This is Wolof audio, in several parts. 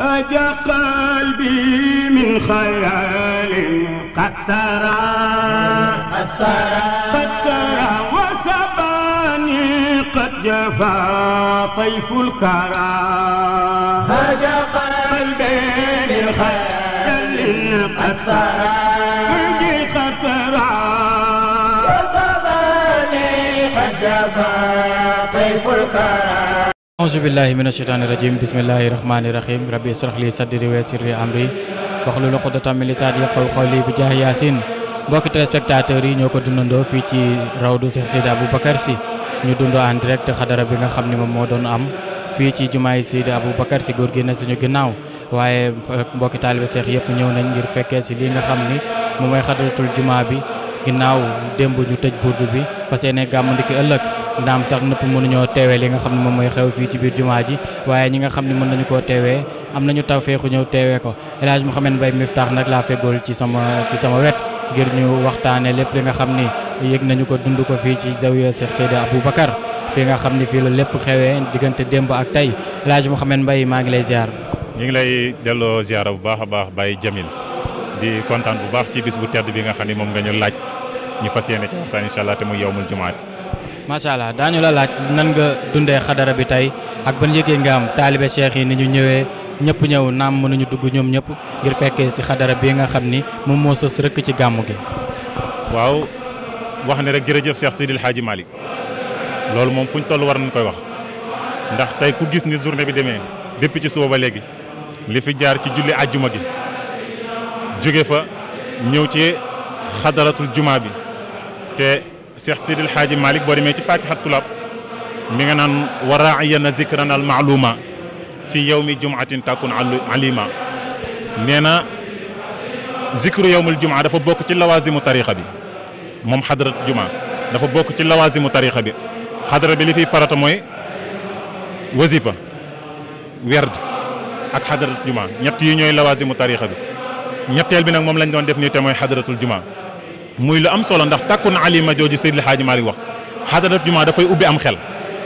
أجا قلبي من خيال قد سرى قد سرى قد سرى وسباني قد جفى طيف الكرى أجا قلبي من خيال قد سرى قد سرى وسباني قد جفى طيف الكرى ahousubillahi min asheytaani irajim bismillahi irahmaniirahim rabbi israh li sadri wa yassir li amri wahlul uqdatan min lisaani yafqahu qawli bu jaahi yaasin mbokki téléspectateurs yi ñoo ko dundandoo fii xadara bi nga xam ne moom moo doon am fii ci jumaay Seydi Aboubacar Sy góor gi na suñu ginnaaw waaye euh, mbokki taalibe seex yëpp ñëw nañ ngir fekkee si lii nga xam ni moom mooy xadaratul jumaa bi ginnaaw démb ñu tëj burdu bi fas yéene gàmmu ndiki ëllëg ndaam sax nëpp mënuñoo teewee li nga xam ne moom mooy xew fii ci biir jumaa ji waaye ñi nga xam ne mën nañu koo teewee am nañu taw feexu ñëw teewee ko El Hadj Mouhamed Mbaye Miftah nag laa feggool ci sama ci sama wet ngir ñu waxtaane lépp li nga xam ni yëg nañu ko dund ko fii ci zawiya Cheikh Seydi Aboubacar fii nga xam ni fii la lépp xewee diggante démb ak tey El Hadj Mouhamed mbay maa ngi lay ziar. ñu ngi lay delloo ziara bu baax a baax Baye Jamil di kontaan bu baax ci bis bu tedd bi nga xam ni moom nga laaj ñu fas yéene ci waxtaan incha allah te muy yowmul macha allah daañu la laaj nan nga dundee xadara bi tey ak ban yëgee nga am taalibe cheikh yi ni ñu ñëwee ñëpp ñëw naam mënuñu dugg ñoom ñëpp ngir fekkee si xadara bi nga xam ni moom moo sës rëkk ci gàmmu gi. waaw wax ne rek jërëjëf Cheikh Sidil Hadji Malick loolu moom fu ñu toll war nañ koy wax ndax tey ku gis ni journée bi demee depuis ci suba ba léegi li fi jaar ci julli àjjuma gi jóge fa ñëw ci xadaratul jumaa bi te. Cheikh Sidil Xaaji Malick boo demee ci Faatihat Tulaab mi nga naan wa raayana zikran al maaluma fi yowmi jumatin takun alima nee na zikru yowmul jumaa dafa bokk ci lawaasimu tarixa bi moom xadrat jumaa dafa bokk ci lawaasimu tarixa bi xadra bi li fiy farata mooy wasifa werd ak xadrat jumaa ñett yi ñooy lawaasimu tarixa bi ñetteel bi nag moom lañ doon def nii te mooy xadratul jumaa muy lu am solo ndax takkun alima jooju Seydil Hadji Malick wax xadarat juma dafay ubbi am xel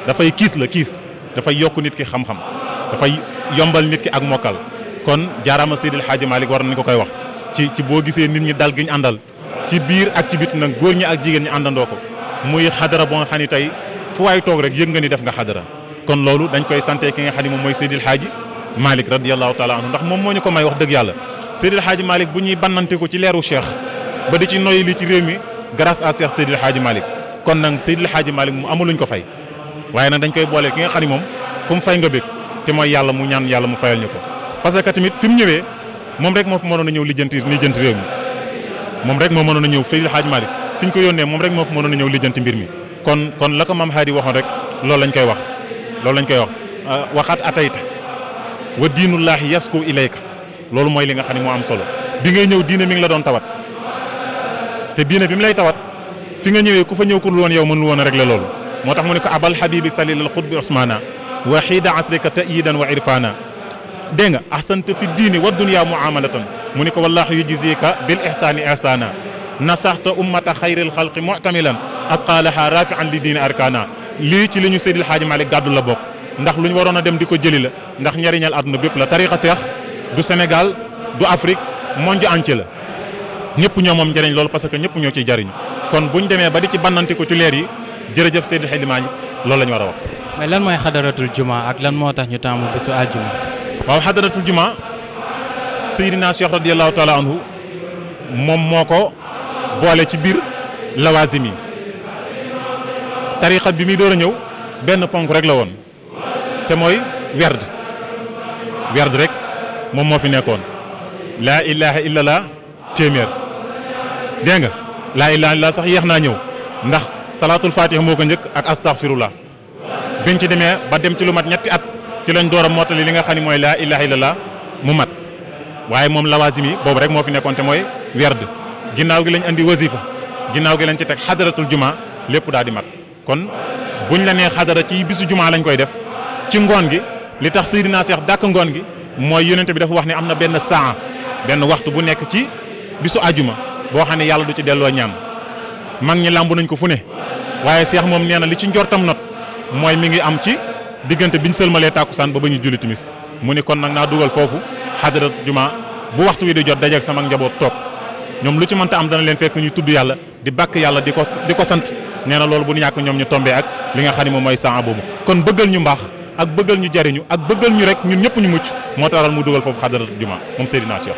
dafay kiis la kiis dafay yokk nit ki xam-xam dafay yombal nit ki ak mokkal kon jaaraama Seydil Hadji Malick war nañ ko koy wax ci ci boo gisee nit ñi dal gi àndal ci biir ak ci bit nag góor ñi ak jigéen ñi àndandoo ko muy xadara bo nga xam ni tey fu waay toog rek yëg nga ni def nga xadara kon loolu dañ koy sante ki nga xam ni moom mooy Seydil Hadji Malick radiyallahu taala anhu ndax moom moo ñu ko may wax dëgg yàlla Seydil Hadji Malick ñuy bannante ko ci leeru cheikh ba di ci noyyi li ci réew mi grâce à Cheikh Seydil Hadji Malick kon nag Seydil Hadji Malick mu amuluñ ko fay waaye nag dañ koy boole ki nga xam ne moom ku mu fay nga bëgg te mooy yàlla mu ñaan yàlla mu fayal ñu ko parce que tamit fi mu ñëwee moom rek moo fi mënoon a ñëw lijjanti lijjanti réew mi moom rek moo mënoon a ñëw Seydil Hadji Malick fi ñu ko yónnee moom rek moo fi mënoon a ñëw lijjanti mbir mi kon kon la ko maam Haadi waxoon rek loolu lañ koy wax loolu lañ koy wax euh, waxaat atayta wa diinullaahi yasku ilayka loolu mooy li nga xam ne moo am solo bi ngay ñëw diine mi ngi la doon tawat te diine bi mu lay tawat fi nga ñëwee ku fa ñëw ku dul woon yow mënul woon a régler loolu moo tax mu ne ko abal habibi salil al xutbi osmana wa xiida asrika tayidan wa irfana dégg nga ahsanta fi diini wa dunya muamalatan mu ne ko wallahu yujzika bil ihsani ihsana nasaxta ummata xayril xalqi muctamilan asqalaha rafian li diini arkana lii ci li ñu Seydil Xaaji Malik gàddu la bokk ndax lu ñu waroon a dem di ko jëli la ndax njariñal àdduna bépp la tarixa seex du Sénégal du Afrique monde entier la ñëpp ñoo moom njëriñ loolu parce que ñëpp ñoo ciy jariñu kon buñ demee ba di ci bannante ko ci leer yi jërëjëf Seydi Hadji Malick loolu la ñu war a wax. mais lan mooy xadaratul juma ak lan moo tax ñu taamu bésu aljuma. waaw xadaratul juma Seydina Cheikh radiyallahu taala anhu moom moo ko boole ci biir lawaasim yi tariqa bi muy door a ñëw benn ponk rek la woon te mooy werd werd rek moom moo fi nekkoon laa ilaha illallah téeméer dégg nga laa ilaaha laa sax yéex naa ñëw ndax salaatul fatiha moo ko njëkk ak astaghfirullah biñ ci demee ba dem ci lu mat ñetti at ci lañ door a mottali li nga xam ne mooy laa ilaaha illallaah mu mat waaye moom lawaasim yi boobu rek moo fi nekkoonte te mooy werd ginnaaw gi lañ indi wasifa ginnaaw gi lañ ci teg xadaratul jumaa lépp daal di mat kon buñ la nee xadara ci bisu jumaa lañ koy def ci ngoon gi li tax Seydina seex dàkk ngoon gi mooy yonente bi dafa wax ne am na benn saa benn waxtu bu nekk ci bisu ajuma boo xam ne yàlla du ci delloo ñaan mag ñi làmbu nañ ko fu ne waaye seex moom nee na li ci njortam not mooy mi ngi am ci diggante biñ sëlmalee tàkkusaan ba ba ñu julli timis mu ni kon nag naa dugal foofu xadarat jumaa bu waxtu wi di jot dajeeg sama njaboot toog ñoom lu ci mënta am dana leen fekk ñu tudd yàlla di bàkk yàlla di ko di ko sant nee na loolu bu ñàkk ñoom ñu tombee ak li nga xam ne moom mooy saa boobu kon bëggal ñu mbaax ak bëggal ñu jariñu ak bëggal ñu rek ñun ñëpp ñu mucc moo taxal mu dugal foofu xadarat juma moom Seydina Cheikh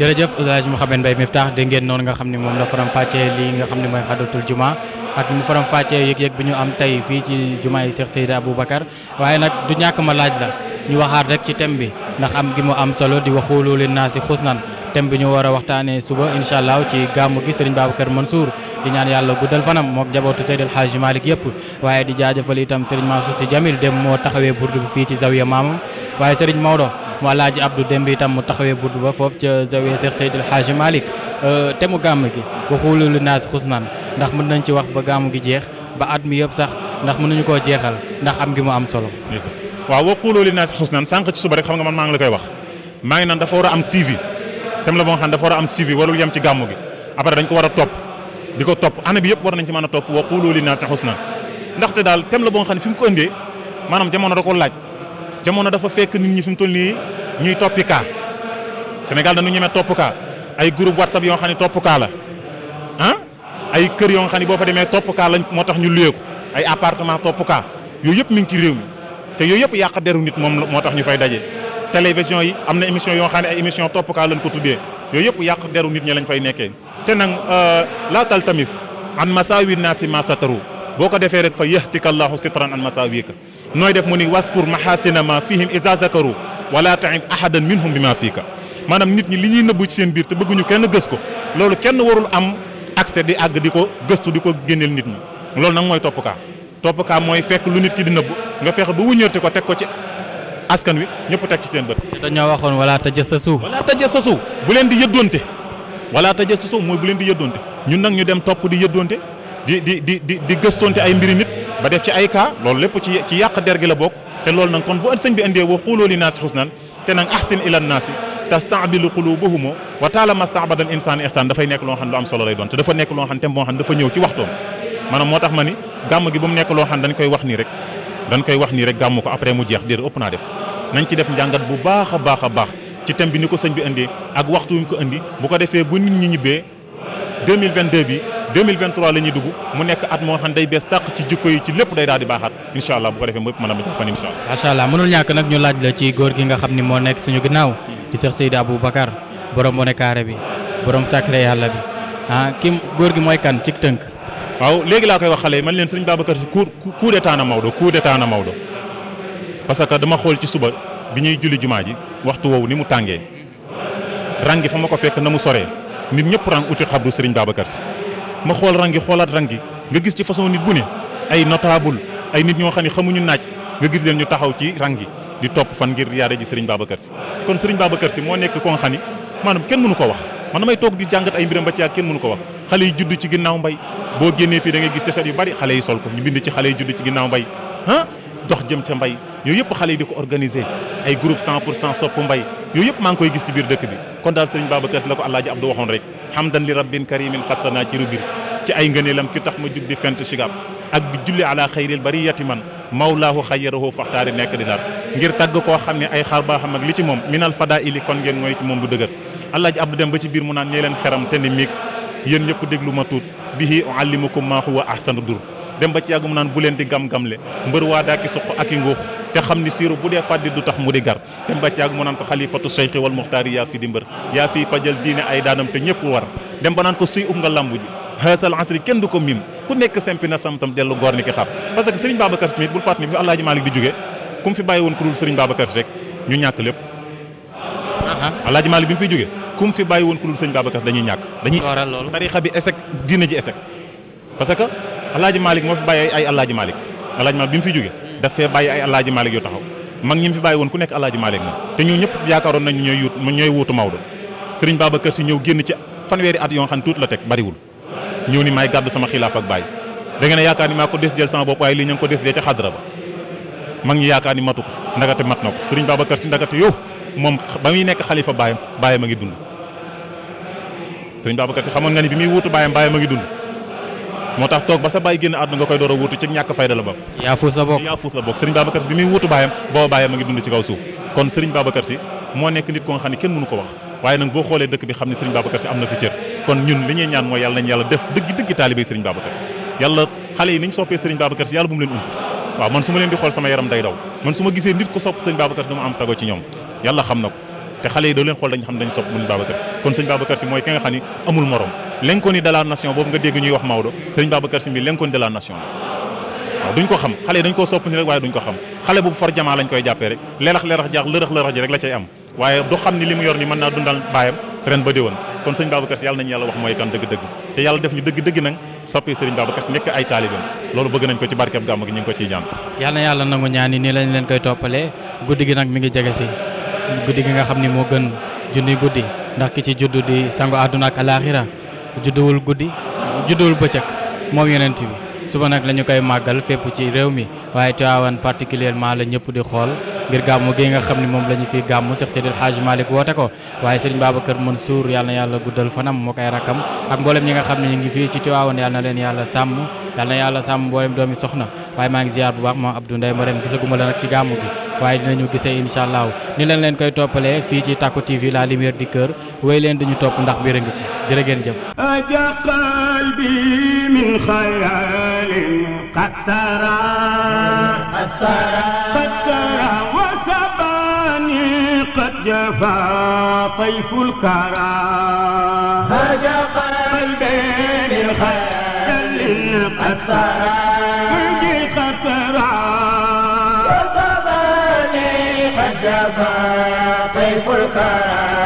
jërëjëf Oustaz Mouhamed Mbaye Miftah dégg ngeen noonu nga xam ne moom la faram fàccee lii nga xam ne mooy xadatul juma ak mu faram fàccee yëg-yëg bi ñu am tey fii ci juma yi Cheikh Seydi Aboubacar waaye nag du ñàkk ma laaj la ñu waxaat rek ci thème bi ndax am gi mu am solo di waxulu li naa si xusnan tem bi ñu war a waxtaanee suba incha allah ci gàmmu gi Serigne Babacar Mansour di ñaan yàlla guddal fanam mook njabootu Seydi El Hadji Malick yëpp waaye di jaajëfal itam Serigne Mansour Sy Jamil moo taxawee burdu bi fii ci zawiya maamam waaye Serigne Maodo mu alaaji Abdou Dembe itam mu taxawee budd ba foofu ca zawiya Cheikh Seydil Hadji Malick euh, te mu gàmm gi waxulu lu naas xusnan ndax mën nañ ci wax ba gàmm gi jeex ba at mi yëpp sax ndax mënuñu koo jeexal ndax am gi mu am solo. waaw waxulu lu naas xusnan sànq ci suba rek xam nga man maa ngi la koy wax maa ngi naan dafa war a am suivi tam la boo xam dafa war a am suivi warul yem ci gàmm gi après dañ ko war a topp di ko topp année bi yëpp a jamono dafa fekk nit ñi fi mu toll nii ñuy toppi kaa Sénégal dañu ñeme topp kaa ay groupe WhatsApp yoo xam ne topp kaa la ah ay kër yoo xam ne boo fa demee topp kaa lañ moo tax ñu ko ay appartement topp kaa yooyu yëpp mi ngi ci réew mi te yooyu yëpp yàq deru nit moom moo tax ñu fay daje. télévision yi am na émission yoo xam ne ay émission topp kaa lañ ko tuddee yooyu yëpp yàq deru nit ñi lañ fay nekkee te nag euh, laatal tamis an masaawir naa si masataru boo ko defee rek fa yahtikallaahu sitran an masaawiika nooy def mu ni waskur mahasina ma fihim iza zakaru wala taib ahadan minhum bi ma fiika maanaam nit ñi li ñuy nëbbu ci seen biir te bëgguñu kenn gës ko loolu kenn warul am accès di àgg di ko gëstu di ko génneel nit ñi loolu nag mooy topp kaa topp kaa mooy fekk lu nit ki di nëbbu nga fexe ba wuñërti ko teg ko ci askan wi ñëpp teg ci seen bët. dañoo waxoon wala tajassasu. wala tajassasu bu leen di yëddoonte wala tajassasu mooy bu leen di yëddoonte ñun nag ñu dem topp di yëddoonte di di di di di gëstoonte ay mbiri nit ba def ci ay cas lool lépp ci ci yàq der gi la bokk te loolu nag kon bu sëñ bi indee wa quuluu li naasi xusnan te nag ahsin ila naasi tastaabilu qulubuhumu wa taala mastaabada al insaan ihsaan dafay nekk loo xam lu am solo doon te dafa nekk loo xam ne moo xam dafa ñëw ci waxtoom maanaam moo tax ma ni gàmm gi bu mu nekk loo xam dañ koy wax nii rek dañ koy wax nii rek gàmm ko après mu jeex déedéet ëpp naa de nañ bu baax a baax a baax ci thème bi ko sëñ bi indee ak waxtu wi ko indi bu ko defee bu nit ñi bi 2023 la ñuy dugg mu nekk at moo xam day bees tàq ci jikko yi ci lépp day daal di baaxaat allah bu ko defee mëpp a ma jàppan incha allah macha allah mënul ñàkk nag ñu laaj la ci góor gi nga xam ni moo nekk suñu ginnaaw di Cheikh Seydou Aboubacar borom bonekaare bi borom sacré yàlla bi ah góor gi mooy kan ci tënk waaw léegi laa koy wax xale yi man leen sëñ Babacar si coup coup d'état na Maodo coup d'état na Maodo parce que dama xool ci suba bi ñuy julli jumaa ji waxtu woowu ni mu tàngee rang gi ma ko fekk na mu soree nit ñëpp rang uti xabru sëriñ Babacar si ma xool rangi xoolaat rang yi nga gis ci façon nit bu ne ay notable ay nit ñoo xam ne xamuñu naaj nga gis leen ñu taxaw ci rang yi di topp fan ngir yaare ji Serigne Babacar Sy kon Serigne Babacar Sy moo nekk ko nga xam ni maanaam kenn mënu ko wax man damay toog di jàngat ay mbiram ba ci ak kenn mënu ko wax xale yi judd ci ginnaaw mbay boo génnee fii da ngay gis teset yu bari xale yi sol ko ñu bind ci xale yi judd ci ginnaaw mbay ndox jëm ca mbay yooyu yëpp xale yi di ko organiser ay groupe pour cent sopp mbay yooyu yëpp maa ngi koy gis ci biir dëkk bi kon daal sëriñ Babacar la ko àllaaji Abdou waxoon rek hamdan li rabbin karimin xasanaa ci rubir ci ay ngëneelam ki tax ma jug di fent sigab ak di julli ala bariyati man mawlaahu xayyarahu faxtaari nekk di dar ngir tàgg koo xam ne ay xar baaxam ak li ci moom minal fadaa ili kon ngeen mooy ci moom du dëgër àllaaji Abdou dem ba ci biir mu naan ñee leen xeram te ni miig yéen ñëpp ma tuut bihi uallimukum maa huwa ahsanu dur dem ba ci yàgg mu naan bu leen di gam-gamle mbër waa daaki suq ak i nguux te xam ni siiru bu dee fàddi du tax mu di gar dem ba ci yàgg naan ko xalifatu seyxi muxtaari yaa fi di mbër yaa fi fajal diine ay daanam te ñëpp war dem ba naan ko suy um nga lamb ji haasal asri kenn du ko mim ku nekk sempi samtam dellu goor ni ki xar parce sëriñ Babacar tamit bul fàttali fi Alaaji di jóge ku fi bàyyi Maalik bi jóge ku fi bàyyi woon ku sëriñ Babacar alaaji Malick moo fi bàyyi ay alaaji Malick alaaji Malick bi mu fi jóge daf fee bàyyi ay alaaji Malick yu taxaw mag ñi mu fi bàyyi woon ku nekk alaaji Malick na te ñoo ñëpp yaakaaroon nañu ñooy yuut ñooy wuutu Maodo sëriñ Babacar si ñëw génn ci fanweeri at yoo xam tuuti la teg bariwul ñëw ni maay gàdd sama xilaaf ak bàyyi da ngeen a yaakaar ni maa ko des jël sama bopp waaye lii ñu ngi ko des jël ca ba mag ñi yaakaar ni matu ko ndagate mat na ko sëriñ Babacar si ndagate yow moom ba muy nekk xalifa bàyyam bàyyam a ngi dund sëriñ Babacar xamoon nga ni bi muy wuutu bàyyam bàyyam a ngi dund moo tax toog ba sa bàyyi génn àdduna nga koy door a wuutu ci ñàkk fayda la bokk yaa fuus la bokk yaa fuus la bokk sëriñ Babacar si bi muy wuutu baayam booba a ngi dund ci kaw suuf kon sëriñ Babacar moo nekk nit ko nga xam ne kenn mënu ko wax waaye nag boo xoolee dëkk bi xam ne sëriñ Babacar am na fi cër kon ñun li ñuy ñaan mooy yàlla nañ yàlla def dëgg dëgg taalibé sëriñ Babacar yàlla xale yi niñ soppee sëriñ Babacar yàlla bu mu leen um waaw man su ma leen di xool sama yaram day daw ma gisee nit ko sopp sëriñ Babacar si am na ko te xale yi doo leen xool dañ xam dañ sopp mun Babacar Si kon sëñ Babacar Si mooy ki xam ni amul morom lenkoon de nation boobu nga dégg ñuy wax Maodo sëñ Babacar Si bi lenkoon de nation waaw duñ ko xam xale yi dañ koo sopp ni rek waaye duñ ko xam xale bu far jamaa lañ koy jàppee rek leerax leerax jaax lërax lërax ji rek la cay am waaye doo xam ni li yor ni mën naa dundal baayam ren ba déwoon kon sëñ Babacar Si yàlla nañu yàlla wax mooy kan dëgg-dëgg te yàlla def ñu dëgg-dëgg nag soppee sëriñ Babacar Si ngi ko si guddi gi nga xam ni moo gën junni guddi ndax ki ci juddu di sangu àdduna ak alaaxira judduwul guddi judduwul bëccëg moom yonent bi suba nag lañu koy màggal fépp ci réew mi waaye Tiwaawan particulièrement la ñëpp di xool ngir gàmmu gi nga xam ne moom la ñu fi gàmmu Seex Seydil Hadj Malick woote ko waaye sëriñ Babacar Mansour yàlla na yàlla guddal fanam moo koy rakam ak mboolem ñi nga xam ne ñu ngi fii ci Tiwaawan yàlla na leen yàlla sàmm yàlla na yàlla sàmm mboolem waaye maa ngi ziar bu baax moom Abdou Ndeye Marème gisaguma la nag ci gàmmu gi waaye dinañu gisee incha allah ni leen leen koy toppalee fii ci tàkku TV la lumière di cœur wéy leen duñu topp ndax mbir a ngi ci jërë jëf المصطفى طيف الكرم